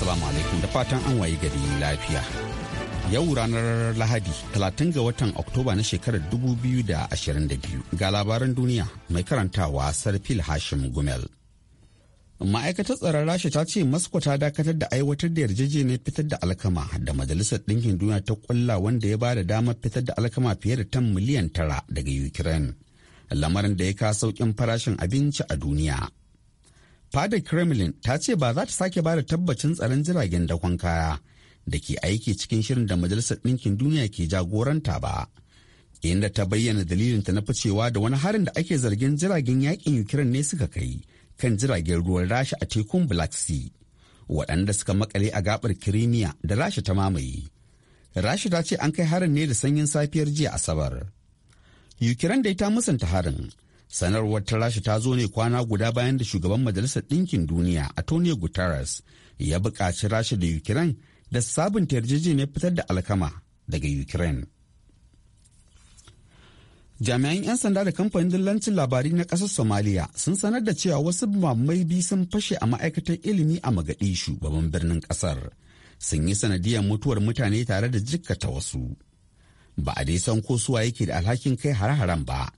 Assalamu alaikum da fatan an waye gari lafiya. Yau ranar Lahadi 30 ga watan Oktoba na shekarar 2022 ga labaran duniya mai karantawa Sarfil Hashim Gumel. Ma'aikatar tsaron Rasha ta ce Moscow ta dakatar da aiwatar da yarjejeniyar fitar da alkama da Majalisar Ɗinkin Duniya ta kulla wanda ya ba da damar fitar da alkama fiye da tan miliyan tara daga Ukraine. Lamarin da ya ka sauƙin farashin abinci a duniya. fadar kremlin ta ce ba za ta sake ba da tabbacin tsaron jiragen dakon kaya da ke aiki cikin shirin da majalisar ɗinkin duniya ke jagoranta ba inda ta bayyana dalilinta na ficewa da wani harin da ake zargin jiragen yakin ukrain ne suka kai kan jiragen ruwan rasha a tekun black sea waɗanda suka makale a gabar kirimiya da rasha ta mamaye rasha ta ce an kai harin ne da sanyin safiyar jiya asabar ukrain dai ta musanta harin sanarwar ta rasha ta zo ne kwana guda bayan da shugaban majalisar ɗinkin duniya a antonio guterres ya buƙaci rasha da ukraine da sabunta yarjejeniyar fitar da alkama daga ukraine jami'an 'yan sanda da kamfanin dillancin labari na ƙasar somalia sun sanar da cewa wasu mamai biyu sun fashe a ma'aikatar ilimi a magadishu babban birnin ƙasar sun yi sanadiyar mutuwar mutane tare da jikkata wasu ba a dai san ko suwa yake da alhakin kai har-haren ba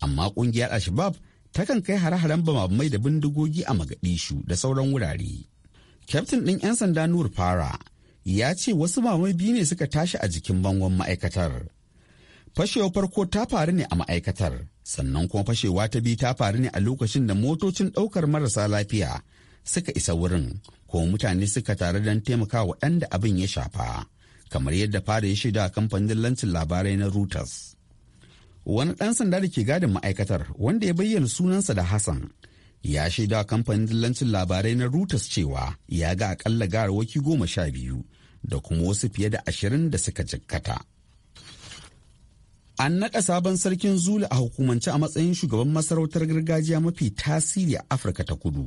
amma kungiyar alshabab ta takan kai hare-haren bamabamai da bindigogi a magadishu da sauran wurare kyaftin ɗin 'yan sanda nur fara ya ce wasu mamai biyu ne suka tashi a jikin bangon ma'aikatar fashewa farko ta faru ne a ma'aikatar sannan kuma fashewa ta biyu ta faru ne a lokacin da motocin ɗaukar marasa lafiya suka isa wurin ko mutane suka tare don taimaka waɗanda abin ya shafa kamar yadda fara ya shaida kamfanin lancin labarai na Reuters. wani ɗan sanda da ke gadin ma'aikatar wanda ya bayyana sunansa da hassan ya shaida kamfanin dillancin labarai na reuters cewa ya ga akalla garawaki goma sha biyu da kuma wasu fiye da ashirin da suka jikkata an naɗa sabon sarkin zulu a hukumance a matsayin shugaban masarautar gargajiya mafi tasiri a afirka ta kudu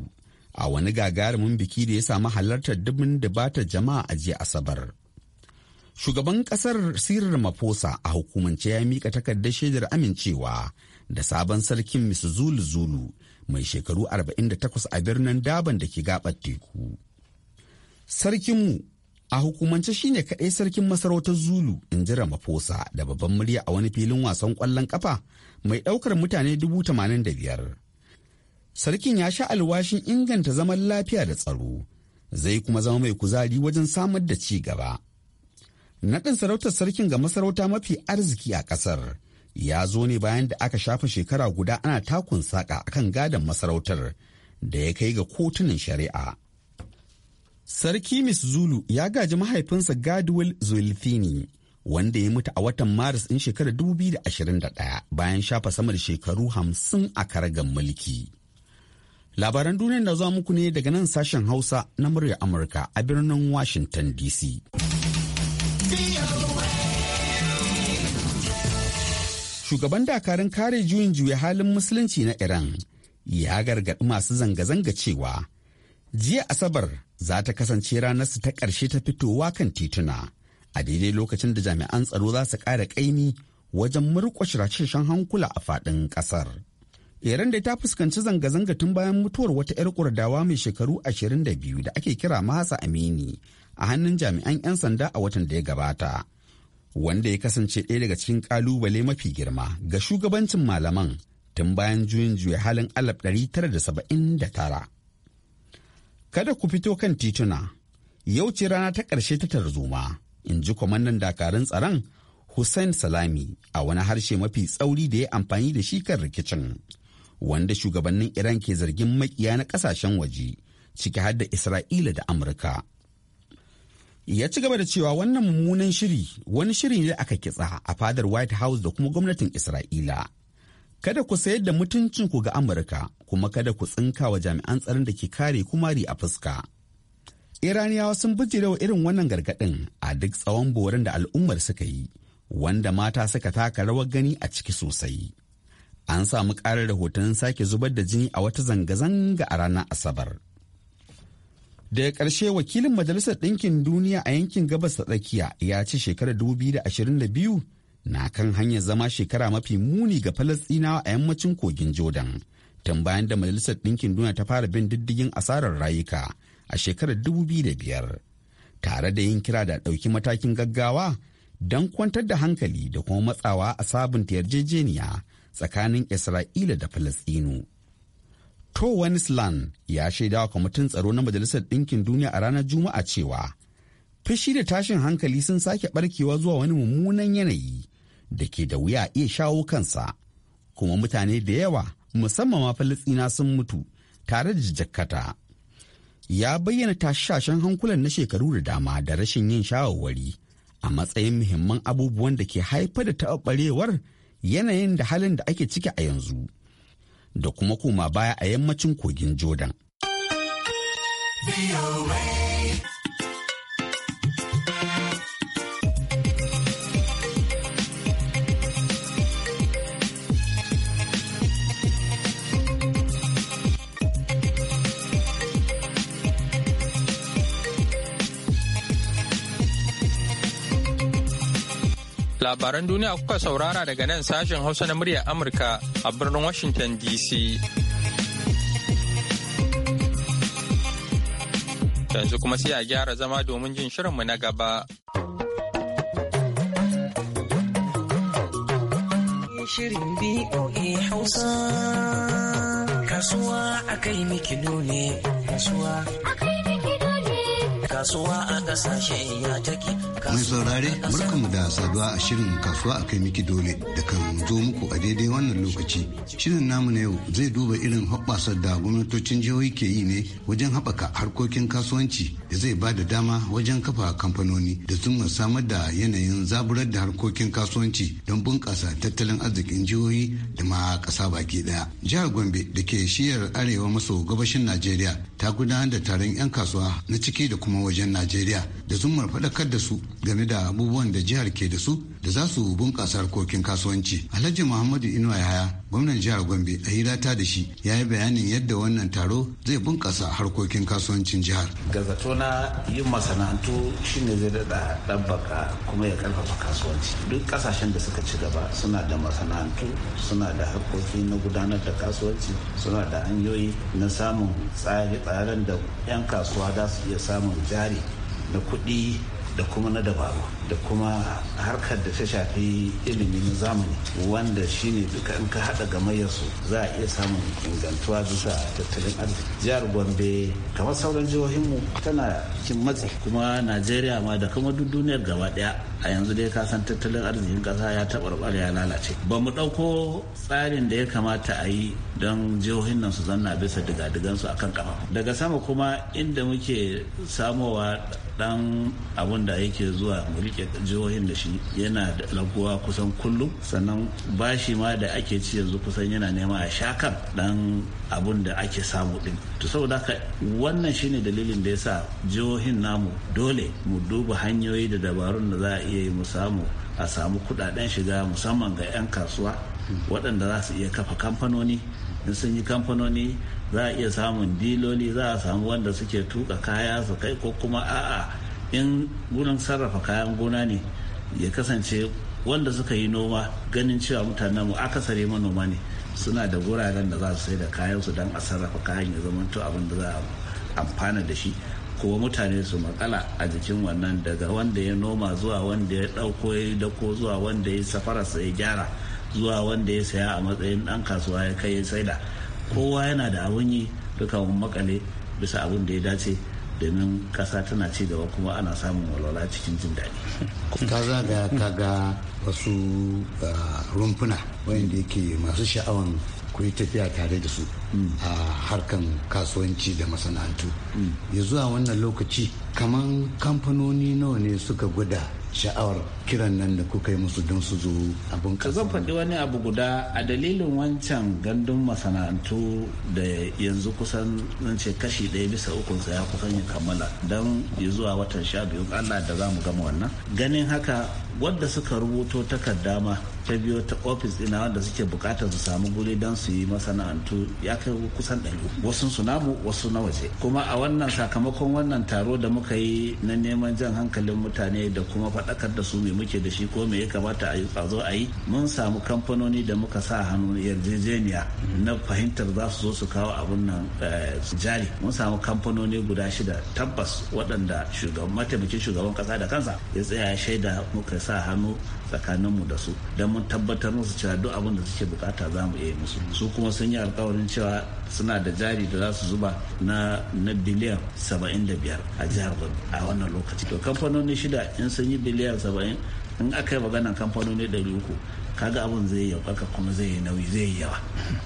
a wani gagarumin biki da ya samu halartar dubin da bata jama'a a jiya asabar Shugaban kasar Cyril Maposa a hukumance ya mika takardar shaidar amincewa da sabon sarkin Mr Zulu Zulu mai shekaru 48 a birnin Daban da ke gabar teku. Sarkinmu a hukumance shine kaɗai sarkin masarautar Zulu in ji Ramaphosa da babban murya a wani filin wasan ƙwallon ƙafa mai ɗaukar mutane dubu Sarkin ya sha alwashin inganta zaman lafiya da tsaro, zai kuma zama mai kuzari wajen samar da ci gaba Naɗin sarautar sarkin ga masarauta mafi arziki a ƙasar ya zo ne bayan da aka shafa shekara guda ana takun saƙa a kan gadon masarautar da ya kai ga kotunan shari'a. Sarki Miss Zulu ya gaji mahaifinsa Gadwell Zulfini wanda ya mutu a watan Maris ɗin shekarar 2021 bayan shafa sama da shekaru hamsin a karagan mulki. Labaran duniya na zuwa muku ne daga nan sashen Hausa na murya Amurka a birnin Washington DC. Shugaban dakarun kare juyin juya halin musulunci na Iran ya gargaɗi masu zanga-zanga cewa jiya Asabar za ta kasance ranarsu ta ƙarshe ta fitowa kan tituna a daidai lokacin da jami'an tsaro za su ƙara ƙaimi wajen murƙushe rashin hankula a faɗin ƙasar. Iran da ta fuskanci zanga-zanga tun bayan mutuwar wata 'yar ƙurdawa mai shekaru 22 da ake kira Mahasa Amini a hannun jami'an 'yan sanda a watan da ya gabata wanda ya kasance ɗaya daga cikin ƙalubale mafi girma ga shugabancin malaman tun bayan juyin juya halin ɗari tara da da saba'in tara. kada ku fito kan tituna yau ce rana ta ƙarshe ta tarzoma in ji kwamandan dakarun tsaron Hussein Salami a wani harshe mafi tsauri da ya amfani da shi kan rikicin wanda shugabannin Iran ke zargin maƙiya na ƙasashen waje ciki har da Isra'ila da Amurka ya ci gaba da cewa wannan mummunan shiri wani shiri ne aka kitsa a fadar white house da kuma gwamnatin isra'ila kada ku sayar da mutuncin ku ga amurka kuma kada ku tsinka wa jami'an tsaron da ke kare kumari a fuska iraniyawa sun bijirewa irin wannan gargaɗin a duk tsawon borin da al'ummar suka yi wanda mata suka taka rawar gani a ciki sosai an samu ƙarar rahoton sake zubar da jini a wata zanga-zanga a ranar asabar Daga ƙarshe wakilin Majalisar Ɗinkin Duniya a yankin gabas ta tsakiya ya ce shekarar 2022 na kan hanyar zama shekara mafi muni ga Falasɗinawa a yammacin kogin Jordan. Tun bayan da Majalisar Ɗinkin Duniya ta fara bin diddigin asarar rayuka a shekarar 2005. Tare da yin kira da ɗauki matakin gaggawa don kwantar da hankali da kuma matsawa a sabunta yarjejeniya tsakanin Isra'ila da Falasɗinu. Kowennesland ya shaida kwamitin tsaro na Majalisar Ɗinkin Duniya a ranar Juma'a cewa fushi da tashin hankali sun sake barkewa zuwa wani mummunan yanayi da ke da wuya iya shawo kansa kuma mutane da yawa musamman ma falastina sun mutu tare da jakkata. Ya bayyana tashashen hankulan na shekaru da dama da rashin yin shawarwari a matsayin muhimman abubuwan da ke haifar da taɓarɓarewar yanayin da halin da ake ciki a yanzu. da kuma koma baya a yammacin kogin jordan. Labaran duniya kuka saurara daga nan sashen Hausa na murya Amurka a birnin Washington DC. Yanzu kuma sai a gyara zama domin jin shirinmu na gaba. Shirin BOA Hausa Kasuwa a kai Kasuwa Kasuwa a kasashen ya take Mai saurare mu da saduwa a shirin kasuwa a kai miki dole da kan zo muku a daidai wannan lokaci. Shirin namu na yau zai duba irin hoɓɓasar da gwamnatocin jihohi ke yi ne wajen haɓaka harkokin kasuwanci da zai ba da dama wajen kafa kamfanoni da zuma samar da yanayin zaburar da harkokin kasuwanci don bunƙasa tattalin arzikin jihohi da ma ƙasa baki ɗaya. Jihar Gombe da ke shiyar arewa maso gabashin Najeriya ta gudanar da taron 'yan kasuwa na ciki da kuma wajen Najeriya da zumar faɗakar da su game da abubuwan da jihar ke da su da za su bunƙasa harkokin kasuwanci alhaji muhammadu inuwa yahaya gwamnan jihar gombe a hirata da shi ya yi bayanin yadda wannan taro zai bunƙasa harkokin kasuwancin jihar gazato na yin masana'antu shine zai daɗa ɗabbaka kuma ya karfafa kasuwanci duk ƙasashen da suka ci gaba suna da masana'antu suna da harkoki na gudanar da kasuwanci suna da hanyoyi na samun tsare-tsaren da 'yan kasuwa za su iya samun jari na kuɗi da kuma na dabaru da kuma harkar da ta shafi ilimi na zamani wanda shine duka in ka haɗa gamayyar su za a iya samun ingantuwa bisa tattalin arziki jihar gombe kamar sauran jihohinmu tana cikin matsi kuma najeriya ma da kuma duk duniyar gaba ɗaya a yanzu dai ka san tattalin arzikin kasa ya taɓarɓare ya lalace ba mu ɗauko tsarin da ya kamata a yi don jihohin nan su zanna bisa digadigansu akan kafa daga sama kuma inda muke samowa dan abun wanda yake zuwa mu rike jihohin da shi yana da raguwa kusan kullum sannan bashi ma da ake ci yanzu kusan yana nema a shakar dan abun da ake samu din to saboda haka wannan shine dalilin da yasa jihohin namu dole mu duba hanyoyi da dabarun da za a iya yi mu samu a samu kudaden shiga musamman ga 'yan kasuwa waɗanda za su iya kafa kamfanoni in sun yi kamfanoni za a iya samun diloli za a samu wanda suke tuka kaya su kai ko kuma a'a in gurin sarrafa kayan gona ne ya kasance wanda suka yi noma ganin cewa mutanen mu akasare manoma ne suna da wuraren da za su sai da kayan su don a sarrafa kayan ya zama to abin da za a amfana da shi kuma mutane su makala a jikin wannan daga wanda ya noma zuwa wanda ya dauko ya dako zuwa wanda ya safararsa ya gyara zuwa wanda ya saya a matsayin dan kasuwa ya kai ya saida kowa yana da abun yi duka makale bisa abin da ya dace domin kasa tana ci gaba kuma ana samun walwala cikin jin daɗi. ka ga kaga wasu ah, rumfuna wayanda yake masu sha'awan ku yi tafiya tare da su mm. a harkan kasuwanci da masana'antu mm. ya zuwa wannan lokaci kaman kamfanoni nawa ne suka gwada sha'awar kiran nan da kuka yi musu don su zo abin kasa. Zan faɗi wani abu guda a dalilin wancan gandun masana'antu da yanzu kusan zan ce kashi ɗaya bisa ukun ya kusan ya kammala don zuwa watan sha biyu Allah da za mu gama wannan. Ganin haka wadda suka rubuto takarda ma ta biyo ta ofis ɗina wanda suke bukatar su samu guri don su yi masana'antu ya kai kusan ɗari wasu su namu wasu na waje kuma a wannan sakamakon wannan taro da muka yi na neman jan hankalin mutane da kuma faɗakar da su mai muke da shi ko me ya kamata a zo a yi mun samu kamfanoni da muka sa hannu yarjejeniya na fahimtar za su zo su kawo abun nan eh, jari mun samu kamfanoni guda shida tabbas waɗanda shugaban mataimakin shugaban kasa da kansa ya tsaya shaida muka sa hannu tsakaninmu da su don mun tabbatar musu cewa duk abin da suke bukata za mu iya musu su kuma sun yi alkawarin cewa suna da jari da za su zuba na na biliyan 75 a jihar a wannan lokaci to kamfanoni shida in sun yi biliyan 70 in aka yi maganar kamfanoni 300 kaga abin zai yaukaka kuma zai yi nauyi zai yi yawa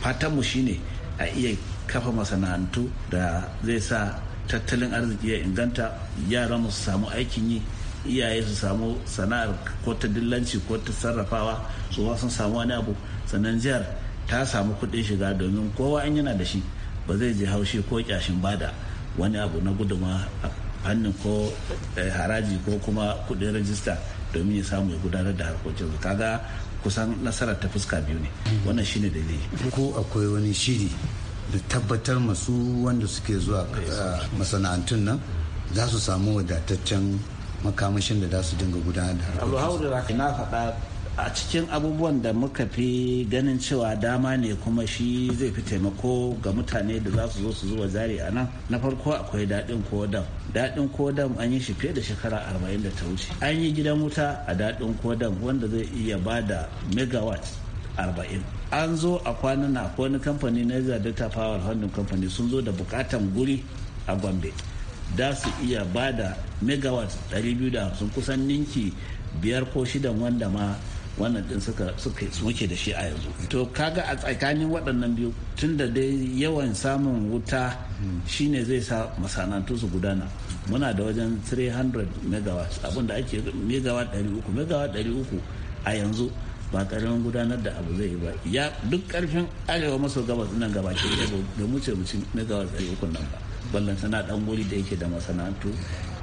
fatan mu shine a iya kafa masana'antu da zai sa tattalin arziki ya inganta yaran mu su samu aikin yi iyaye su samu sana'ar ko ta dillanci ko ta sarrafawa su sun samu wani abu sannan jihar ta samu kuɗin shiga domin kowa an yana da shi ba zai je haushi ko kyashin bada wani abu na guduma a fannin ko eh, haraji ko kuma kuɗin rajista domin ya samu ya gudanar da harkokin ga kusan nasarar ta fuska biyu ne wannan shine dalili ko akwai wani shiri da tabbatar masu wanda suke zuwa eh, masana'antun nan za su samu wadataccen makamashin da za su dinga gudanar da harkokin na faɗa a cikin abubuwan da muka fi ganin cewa dama ne kuma shi zai fi taimako ga mutane da za su zo su zuba jari a nan na farko akwai daɗin kodam daɗin kodam an yi shi fiye da shekara arba'in da ta wuce an yi gidan wuta a daɗin kodam wanda zai iya ba da megawatt arba'in an zo a kwanan na wani kamfani na data power holding company sun zo da bukatan guri a gombe da su iya ba da megawatt 250 kusan ninki biyar ko shidan wanda ma wannan din suka muke da shi a yanzu to kaga a tsakanin waɗannan biyu tun da dai yawan samun wuta shine zai sa masana'antu su gudana muna da wajen 300 megawatt abinda ake megawatt 300 megawatt 300 a yanzu ba karamin gudanar da abu zai ba ya duk karfin arewa maso gabas nan gaba ke da mu ce mutum megawatt 300 nan ba ballan sana dan wuri da yake da masana'antu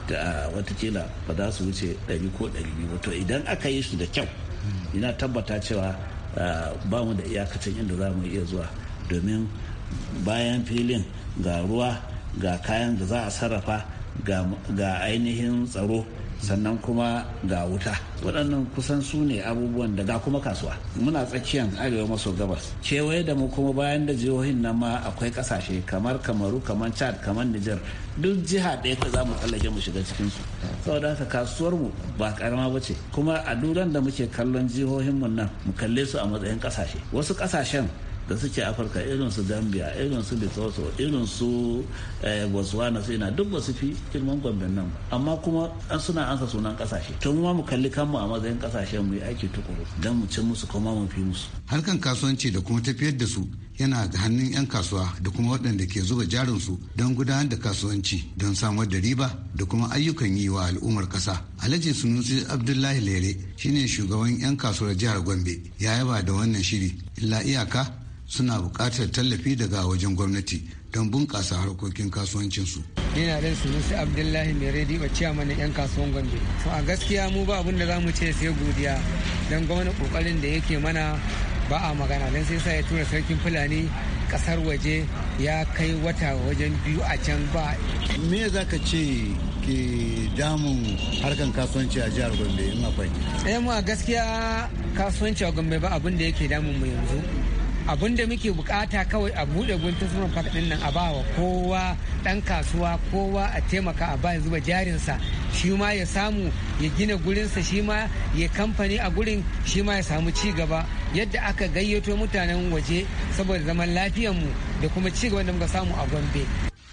da watakila ba za su wuce 100 ko 200 to idan aka yi su da kyau ina tabbata cewa ah, ba mu da iyakacin inda za mu iya zuwa domin bayan filin ga ruwa ga kayan da za a sarrafa ga ainihin tsaro sannan kuma ga wuta waɗannan kusan su ne abubuwan da ga kuma kasuwa muna tsakiyan arewa maso gabas kewaye da mu kuma bayan da jihohin nan ma akwai ƙasashe kamar kamaru kamar chad kamar niger duk jiha ɗaya ta za mu tsallake mu shiga cikin su saboda haka kasuwar mu ba karama ba ce kuma a duran da muke kallon jihohin mu nan mu kalle su a matsayin ƙasashe wasu ƙasashen da suke afirka irin su gambia irin su lesotho irin su eh, botswana su ina duk ba su fi girman gwambin nan amma kuma an suna ansa sunan kasashe tun mu ma mu kalli kanmu a matsayin kasashen mu yi aiki tukuru don mu ci musu kuma mu fi musu harkan kasuwanci da kuma tafiyar da su yana ga hannun 'yan kasuwa da kuma waɗanda ke zuba su don gudanar da kasuwanci don samar da riba da kuma ayyukan yi wa al'ummar kasa Alhaji Sunusi Abdullahi Lere shine shugaban 'yan kasuwar jihar Gombe ya yaba da wannan shiri illa iyaka suna buƙatar tallafi daga wajen gwamnati don bunƙasa harkokin kasuwancinsu. Ina da sunusi Abdullahi mai rediyo ciyaman yan kasuwan Gombe. To a gaskiya mu ba abin da za mu ce sai godiya don gwamnati ƙoƙarin da yake mana ba a magana don sai sa ya tura sarkin Fulani ƙasar waje ya kai wata wajen biyu a can ba. Me za ka ce ke damun harkan kasuwanci a jihar Gombe in akwai? Eh mu a gaskiya kasuwanci a Gombe ba abin da yake damun mu yanzu. abin da muke bukata kawai a bude guntun saman park nan a ba wa kowa dan kasuwa kowa a taimaka a ba ya zuba jarinsa shi ma ya samu ya gina gurinsa shi ma ya kamfani a gurin shi ma ya samu ci gaba yadda aka gayyato mutanen waje saboda zaman lafiyar mu da kuma ci gaba da muka samu a gombe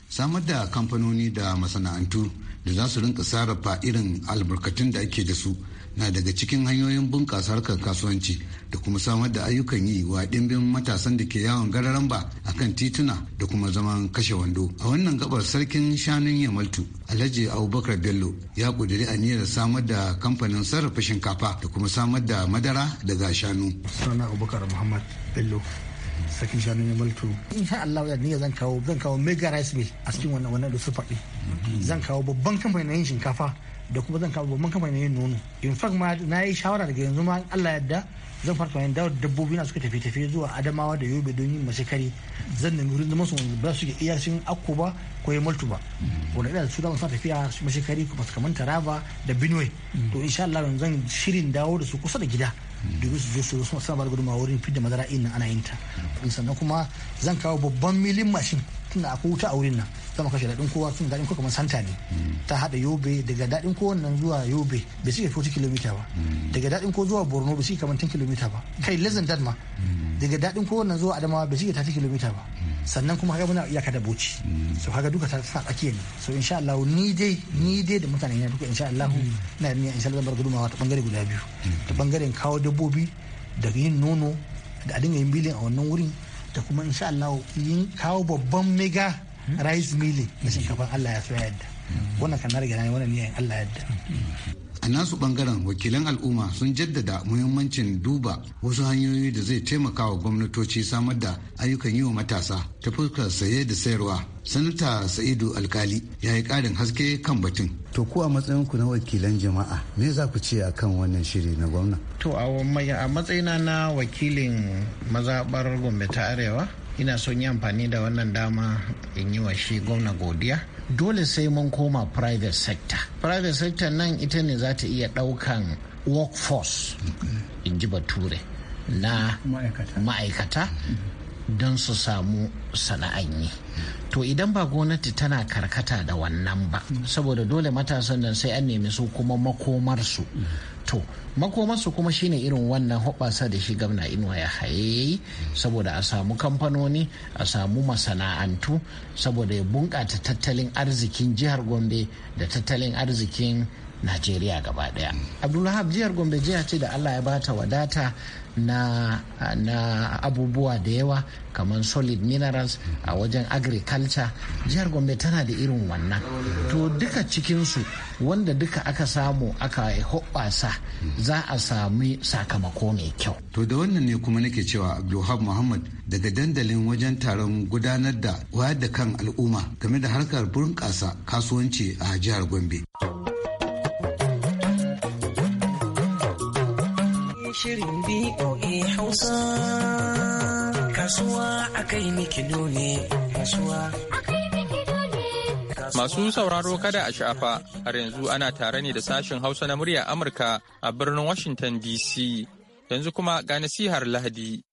samar da kamfanoni da masana'antu da za su rinka sarrafa irin albarkatun da ake da su na daga cikin hanyoyin bunƙasa harkar kasuwanci da kuma samar da ayyukan yi wa ɗimbin matasan da ke yawon gararan ba a kan tituna da kuma zaman kashe wando a wannan gabar sarkin shanun yamaltu alhaji abubakar bello ya ƙudiri aniyar samar da kamfanin sarrafa shinkafa da kuma samar da madara daga shanu sunana abubakar muhammad bello sarkin shanun yamaltu insha Allah ya ni zan kawo zan kawo mega rice mill a cikin wannan wannan da su faɗi zan kawo babban kamfanin yin shinkafa da kuma zan kama babban kamfanin yin nono in fact ma na yi shawara daga yanzu ma Allah yadda zan fara tunanin dawo dabbobi na suka tafi tafi zuwa Adamawa da Yobe don yin mashekari zan nemi wurin zama su ba su iya sun akko ba ko ya multu ba wanda ina da su dama suna tafiya mashekari kuma su kamanta raba da Benue to insha Allah zan shirin dawo da su kusa da gida domin su zo su suna samar gudunmawa wurin fidda madara ina ana yin ta sannan kuma zan kawo babban milin mashin tunda akwai wuta a wurin nan zama kashe daɗin kowa tun daɗin kowa kamar santa ne ta haɗa yobe daga daɗin kowa nan zuwa yobe bai suke 40 kilomita ba daga daɗin ko zuwa borno bai suke kamar 10 kilomita ba kai less than that ma daga daɗin kowa nan zuwa adamawa bai suke 30 kilomita ba sannan kuma haka muna iyaka da boci so haka duka ta sa tsakiya ne so insha Allah ni dai ni dai da mutane na duka insha Allah na da insha Allah bar gudumawa ta bangare guda biyu ta bangaren kawo dabbobi daga yin nono da a dinga yin bilin a wannan wurin da kuma insha Allah yin kawo babban mega rice milling na shinkafa Allah ya so yadda wannan kan na riga na wannan niyan Allah yadda a nasu bangaren wakilan al'umma sun jaddada muhimmancin duba wasu hanyoyi da zai taimaka wa gwamnatoci samar da ayyukan yi wa matasa ta fuskar saye da sayarwa sanata sa'idu alkali ya yi karin haske kan batun to ku a matsayinku na wakilan jama'a me za ku ce akan wannan shiri na gwamna to a matsayina na wakilin mazabar gombe ta arewa ina son yi amfani da wannan dama in yi wa shi gwamna godiya dole sai mun koma private sector private sector nan ita ne za ta iya ɗaukan workforce in ji bature na ma'aikata don su samu sana'an yi to idan ba gwamnati tana karkata da wannan ba mm. saboda dole matasan nan sai an nemi su kuma makomarsu mm. to makomarsu kuma shine irin wannan hoɓasa da shi gabna inuwa ya haye saboda a samu kamfanoni a samu masana'antu saboda ya bunƙata tattalin arzikin jihar gombe da tattalin arzikin najeriya gaba daya abdullahab jihar gombe jiya ce da allah ya bata wadata na, na abubuwa da yawa kamar solid minerals a wajen agriculture jihar gombe tana da irin wannan to duka cikinsu wanda duka aka samu aka hoɓasa za a sami sakamako mai kyau to da wannan ne kuma nake cewa abdulhab muhammad daga dandalin wajen taron gudanar da wayar da kan al'umma game da harkar bunƙasa kasuwanci a jihar gombe. shirin BOA Hausa. Kasuwa a kai mikido ne, kasuwa Masu sauraro kada a shafa, har yanzu ana tare ne da sashen Hausa na murya Amurka a birnin Washington DC. Yanzu kuma ga nasihar Lahadi.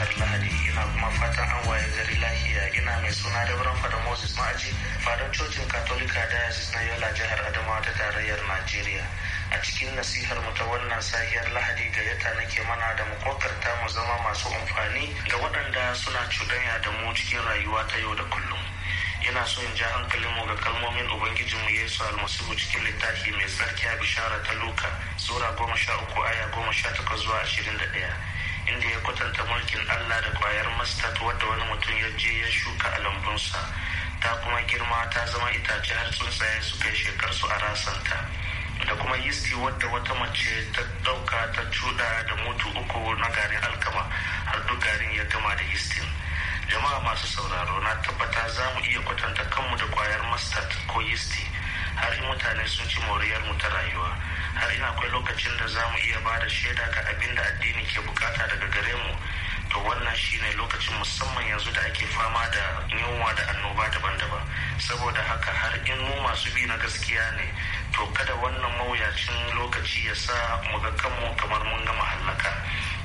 lahadi ina kuma fatan an waye gari lahiya ina mai suna da dabran fada moses ma'aji fadan cocin katolika diocese na yola jihar adamawa ta tarayyar najeriya a cikin nasihar mu ta wannan sahiyar lahadi gayyata nake mana da mu kokarta mu zama masu amfani ga waɗanda suna cuɗanya da mu cikin rayuwa ta yau da kullum ina so in ja hankalin mu ga kalmomin ubangijinmu yesu almasihu cikin littafi mai tsarki a bishara ta luka sura goma sha uku aya goma sha takwas zuwa ashirin da ɗaya inda ya kwatanta mulkin Allah da kwayar mustard wadda wani mutum ya je ya shuka a lambunsa ta kuma girma ta zama itace har tsuntsaye su kai shekarsu a rasanta da kuma yisti wadda wata mace ta ɗauka ta cuda da mutu uku na garin alkama har duk garin ya gama da yistin jama'a masu sauraro na tabbata za mu iya kwatanta kanmu da kwayar mustard ko yisti har mutane sun ci moriyar mu ta rayuwa har ina akwai lokacin da za mu iya ba da shaida ga abin da addini ke bukata daga gare mu to wannan shine lokacin musamman yanzu da ake fama da yunwa da annoba daban-daban saboda haka har in mu masu bi na gaskiya ne to kada wannan mawuyacin lokaci ya sa mu ga kanmu kamar mun gama hallaka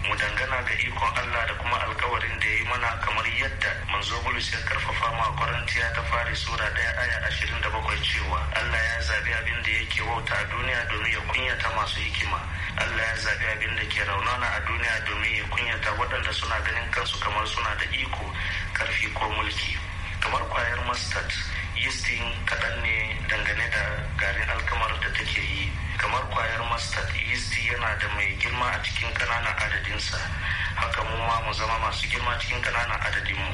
mu dangana ga ikon Allah da kuma alkawarin da ya yi mana kamar yadda manzo Bulus ya karfafa ma Korintiya ta fari sura ɗaya aya ashirin da bakwai cewa Allah ya zabi abin da yake wauta duniya domin ta masu hikima allah ya zaɓi abin da ke raunana a duniya domin ya kunyata waɗanda suna ganin kansu kamar suna da iko karfi ko mulki kamar kwayar mustard yeastin kaɗan ne dangane da garin alkamar da take yi kamar kwayar mustard yeast yana da mai girma a cikin ƙananan adadinsa haka mu ma mu zama masu girma cikin ƙananan adadinmu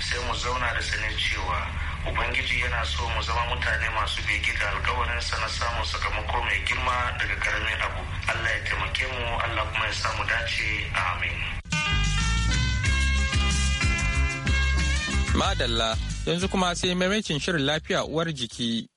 sai mu zauna da sanin cewa ubangiji yana so mu zama mutane masu bege ga alkawarinsa na samun sakamako mai girma daga karamin abu allah ya taimake mu allah kuma ya samu dace amin madalla yanzu kuma sai maimakin shirin lafiya uwar jiki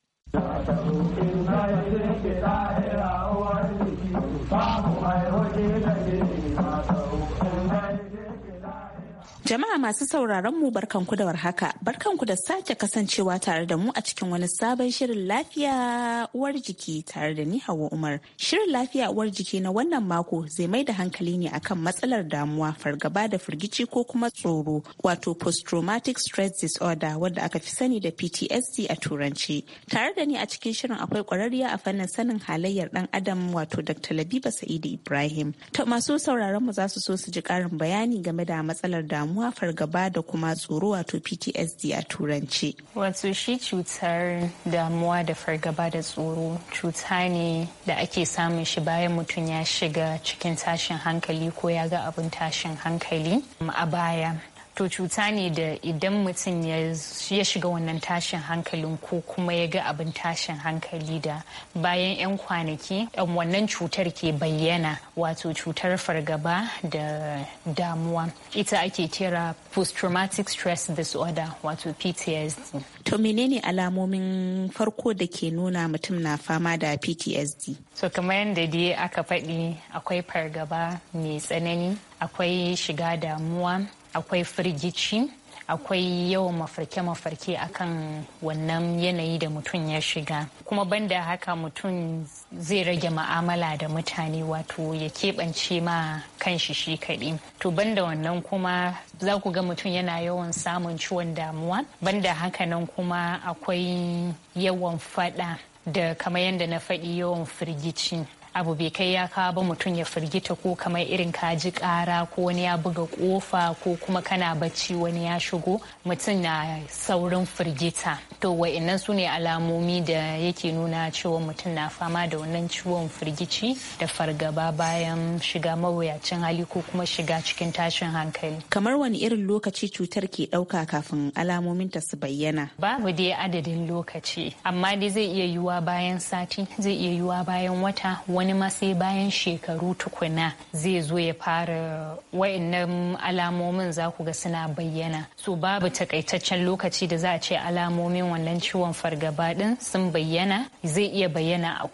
Jama'a masu sauraron mu barkanku da warhaka, barkanku da sake kasancewa tare da mu a cikin wani sabon shirin lafiya uwar jiki tare da ni Hauwa Umar. Shirin lafiya uwar jiki na wannan mako zai mai da hankali ne akan matsalar damuwa, fargaba da firgici ko kuma tsoro, wato post traumatic stress disorder wadda aka fi sani da PTSD a turanci. Tare da ni a cikin shirin akwai kwararriya a fannin sanin halayyar dan adam wato Dr. Labiba Sa'idu Ibrahim. Ta masu sauraron mu za su so su ji karin bayani game da matsalar damuwa damuwa fargaba da kuma tsoro wato ptsd a turanci. wato shi cutar damuwa da fargaba da tsoro cuta ne da ake samun shi bayan mutum ya shiga cikin tashin hankali ko ya ga abin tashin hankali a baya to cuta ne da idan mutum ya shiga wannan tashin hankalin ko kuma ya ga abin tashin hankali da bayan 'yan kwanaki um, wannan cutar ke bayyana wato cutar fargaba da damuwa ita ake kira post-traumatic stress disorder wato ptsd to menene alamomin farko da ke nuna mutum na fama da ptsd so kamar yadda dai aka faɗi akwai fargaba mai tsanani akwai shiga damuwa akwai firgici akwai yawan mafarke-mafarke akan wannan yanayi da mutum ya shiga kuma banda haka mutum zai rage ma'amala da mutane wato ya keɓance ma kan shi shi kaɗi to banda wannan kuma za ku ga mutum yana yawan samun ciwon damuwa banda haka nan kuma akwai yawan faɗa da kamar yadda na faɗi yawan firgici abu bai kai ya kawo ba mutum ya firgita ko kamar irin kaji ji kara ko wani ya buga kofa ko kuma kana bacci wani ya shigo mutum na saurin firgita to wa'annan su ne alamomi da yake nuna cewa mutum na fama da wannan ciwon firgici da fargaba bayan shiga mawuyacin hali ko kuma shiga cikin tashin hankali kamar wani irin lokaci cutar ke ɗauka kafin alamomin ta su bayyana babu dai adadin lokaci amma dai zai iya yiwuwa bayan sati zai iya yiwuwa bayan wata wani ma sai bayan shekaru tukuna zai zo ya fara wa'annan alamomin za ku ga suna bayyana so babu takaitaccen lokaci da za a ce alamomin wannan ciwon fargaba din sun bayyana zai iya bayyana a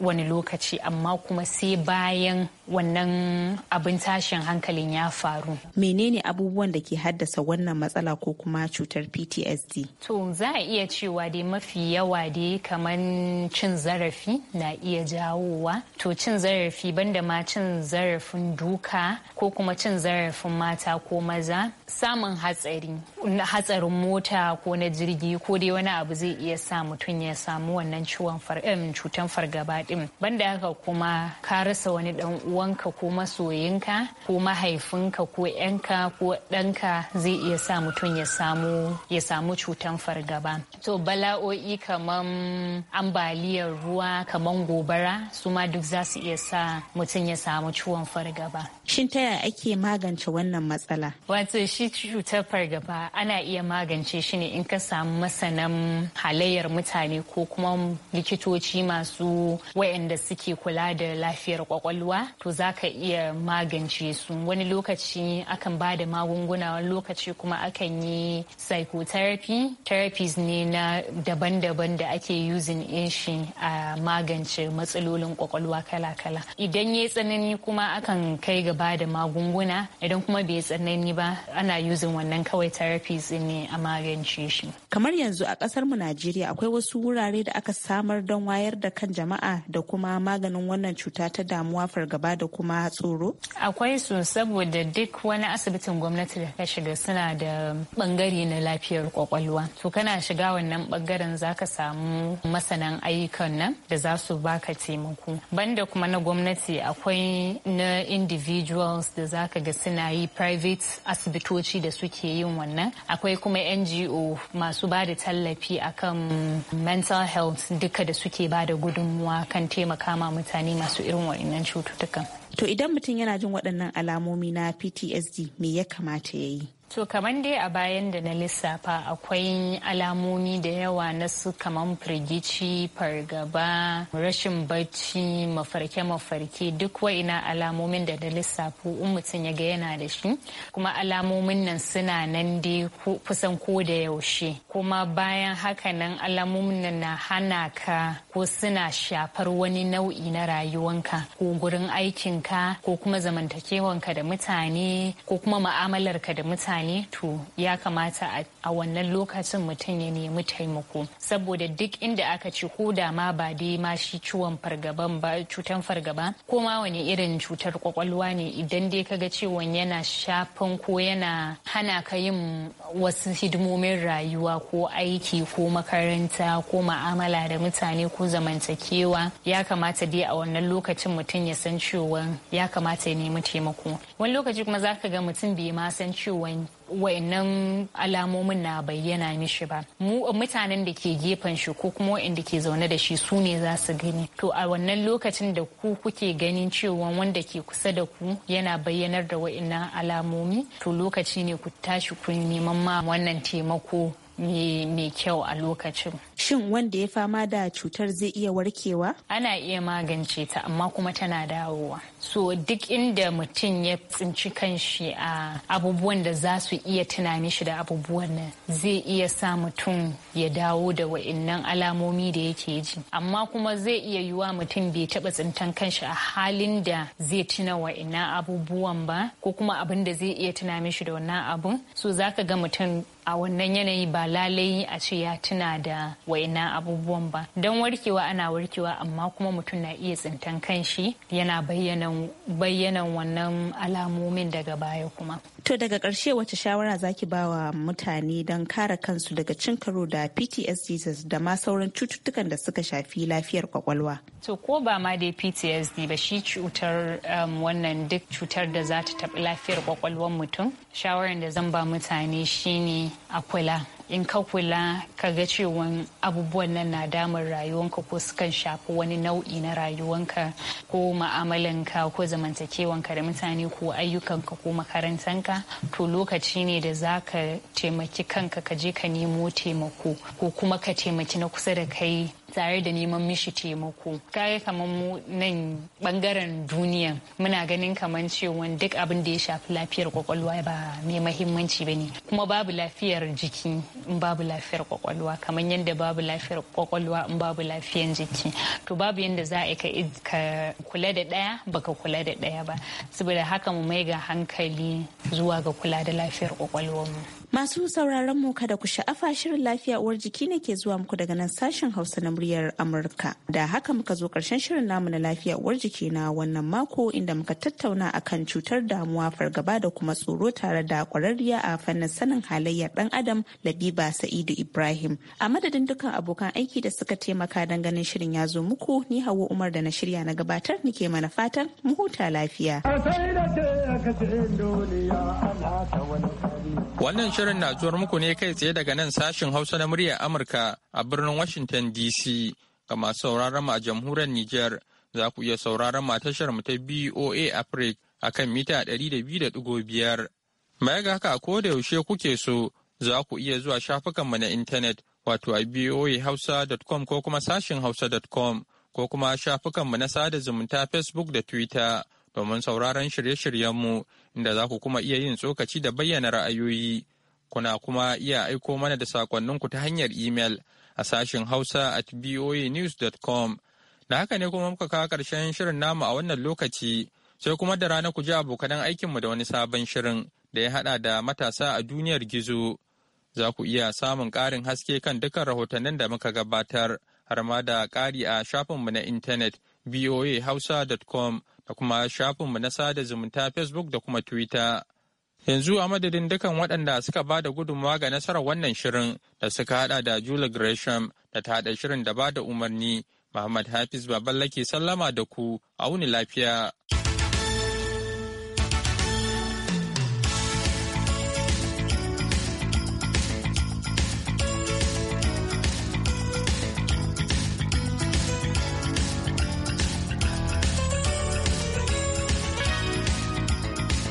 wani lokaci amma kuma sai bayan wannan abin tashin hankalin ya faru. Menene abubuwan da ke haddasa wannan matsala ko kuma cutar PTSD? To za a iya cewa dai mafi yawa dai kamar cin zarafi na iya jawowa. To cin zarafi banda ma cin zarafin duka ko kuma cin zarafin mata ko maza. Samun hatsari, hatsarin mota ko na jirgi ko dai wani abu zai iya sa mutum ya samu wannan ciwon cutan fargaba din. Banda haka kuma ka rasa wani dan uwa uwanka ko masoyinka ko mahaifinka ko yanka ko ɗanka zai iya sa mutum ya samu ya samu cutan fargaba to bala'o'i kaman ambaliyar ruwa kaman gobara su ma duk za su iya sa mutum ya samu ciwon fargaba shin ta yaya ake magance wannan matsala wato shi cutar fargaba ana iya magance shi ne in ka samu masanan halayyar mutane ko kuma likitoci masu wayanda suke kula da lafiyar kwakwalwa to to za ka iya magance su wani lokaci akan ba da magunguna wani lokaci kuma akan yi psychotherapy therapies ne na daban-daban da ake using in a magance matsalolin kwakwalwa kala-kala idan ya tsanani kuma akan kai gaba da magunguna idan kuma bai tsanani ba ana using wannan kawai therapies ne a magance shi kamar yanzu a kasar mu Najeriya akwai wasu wurare da aka samar don wayar da kan jama'a da kuma maganin wannan cuta ta damuwa fargaba fargaba da kuma tsoro? Akwai su saboda duk wani asibitin gwamnati da ka shiga suna da bangare na lafiyar kwakwalwa. To kana shiga wannan bangaren za ka samu masanan ayyukan nan da za su baka taimako. Banda kuma na gwamnati akwai na individuals da za ka ga suna yi private asibitoci da suke yin wannan. Akwai kuma NGO masu ba da tallafi akan mental health duka da suke ba da gudunmuwa kan taimaka ma mutane masu irin waɗannan cututtuka. To idan mutum yana jin waɗannan alamomi na PTSD me ya kamata ya yi? To kamar dai a bayan da na lissafa akwai alamomi da yawa na su kamar firgici, fargaba, rashin bacci, mafarke-mafarke duk wa'ina alamomin da na lissafu in mutum ya ga yana da shi. Kuma alamomin nan suna nan dai kusan ko da yaushe. Kuma bayan haka nan alamomin nan na hana ka ko suna shafar wani nau'i na rayuwanka ko gurin aikinka ko kuma zamantakewanka da mutane ko kuma ma'amalarka da mutane. mutane to ya kamata a a wannan lokacin mutum ya nemi taimako saboda duk inda aka ci ko da ma ba dai ma shi ciwon fargaban ba cutan fargaba ko ma wani irin cutar kwakwalwa ne idan dai kaga cewa yana shafin ko yana hana ka yin wasu hidimomin rayuwa ko aiki ko makaranta ko ma'amala da mutane ko zamantakewa ya kamata dai a wannan lokacin mutum ya san cewa ya kamata ya nemi taimako wani lokaci kuma zaka ga mutum bai ma san cewa wayannan alamomin na bayyana mishi ba mu mutanen da ke gefen shi ko kuma wanda ke zaune da shi su ne za su gani to a wannan lokacin da ku kuke ganin cewa wanda ke kusa da ku yana bayyanar da wayannan alamomi to lokaci ne ku tashi ku neman ma wannan taimako mai kyau a lokacin. Shin wanda ya fama da cutar zai iya warkewa? Ana iya magance ta amma kuma tana dawowa. So duk inda mutum ya tsinci kanshi a abubuwan da za su iya tunani shi da abubuwan nan zai iya sa mutum ya dawo da wa'innan alamomi da yake ji. Amma kuma zai iya yiwa mutum bai taɓa tsintan kanshi a halin da zai tuna wa'innan abubuwan ba ko kuma abin da zai iya tunani shi da wannan abun. So zaka ga mutum a wannan yanayi ba lalai a ce ya tuna da waina abubuwan ba don warkewa ana warkewa amma kuma mutum na iya tsintan kanshi yana bayyana wannan alamomin daga baya kuma To daga ƙarshe wace shawara zaki ba wa mutane don kare kansu daga cin karo da PTSD da ma sauran cututtukan da suka shafi lafiyar kwakwalwa? To ko ba ma dai PTSD ba shi cutar um, wannan duk cutar da za ta taɓa lafiyar kwakwalwar mutum. Shawaran da zan ba mutane shine a kula in ka kula ka ga cewan abubuwan nan na damar rayuwanka ko su kan shafi wani nau'i na rayuwanka ko ma'amalanka ko zamantakewanka da mutane ko ayyukanka ko makarantanka to lokaci ne da za ka taimaki kanka ka je ka nemo taimako ko kuma ka taimaki na kusa da kai tare da neman mishi taimako kare kamar mu nan bangaren duniya muna ganin kamar cewa duk abin da ya shafi lafiyar kwakwalwa ba mai mahimmanci bane kuma babu lafiyar jiki in babu lafiyar kwakwalwa kamar yadda babu lafiyar kwakwalwa in babu lafiyar jiki to babu yadda za a ka kula da daya baka kula da daya ba saboda haka mu mai ga hankali zuwa ga kula da lafiyar kwakwalwar mu Masu sauraron mu kada ku sha'afa shirin lafiya uwar jiki ne ke zuwa muku daga nan sashen Hausa na muryar Amurka. Da haka muka zo karshen shirin namu na lafiya uwar jiki na wannan mako inda muka tattauna akan cutar damuwa fargaba da kuma tsoro tare da kwararriya a fannin sanin halayyar ɗan adam Labiba Sa'idu Ibrahim. A madadin dukkan abokan aiki da suka taimaka don ganin shirin ya zo muku ni Hauwa Umar da na shirya na gabatar nike mana fatan mu huta lafiya. Wannan shirin na zuwar muku ne kai tsaye daga nan sashin Hausa na muryar Amurka a birnin Washington DC. Ga masu sauraron mu a jamhuriyar niger za ku iya sauraron mu a tashar mu ta BOA Africa a kan mita 200.5. Baya ga haka ko da yaushe kuke so za ku iya zuwa shafukan mu na intanet wato a boahausa.com ko kuma sashin hausa.com ko kuma mu na sada zumunta Facebook da Twitter. domin sauraron shirye-shiryenmu inda za ku kuma iya yin tsokaci da bayyana ra'ayoyi. Kuna kuma iya aiko mana da sakonninku ta hanyar imel a sashen Hausa at voanews.com. Da haka ne kuma muka kawo ƙarshen shirin namu a wannan lokaci, sai kuma da rana ku ji abokanan aikinmu da wani sabon shirin da ya haɗa da matasa a duniyar gizo. Za ku iya samun ƙarin haske kan dukkan rahotannin da muka gabatar, har ma da ƙari a shafinmu na intanet voahausa.com da kuma shafinmu na sada zumunta Facebook da kuma Twitter. Yanzu a madadin dukan waɗanda suka ba da gudunmawa ga nasarar wannan shirin da suka haɗa da Julie Gresham da ta haɗa shirin da ba da umarni, Muhammad Hafiz Baballake sallama da ku, auni lafiya.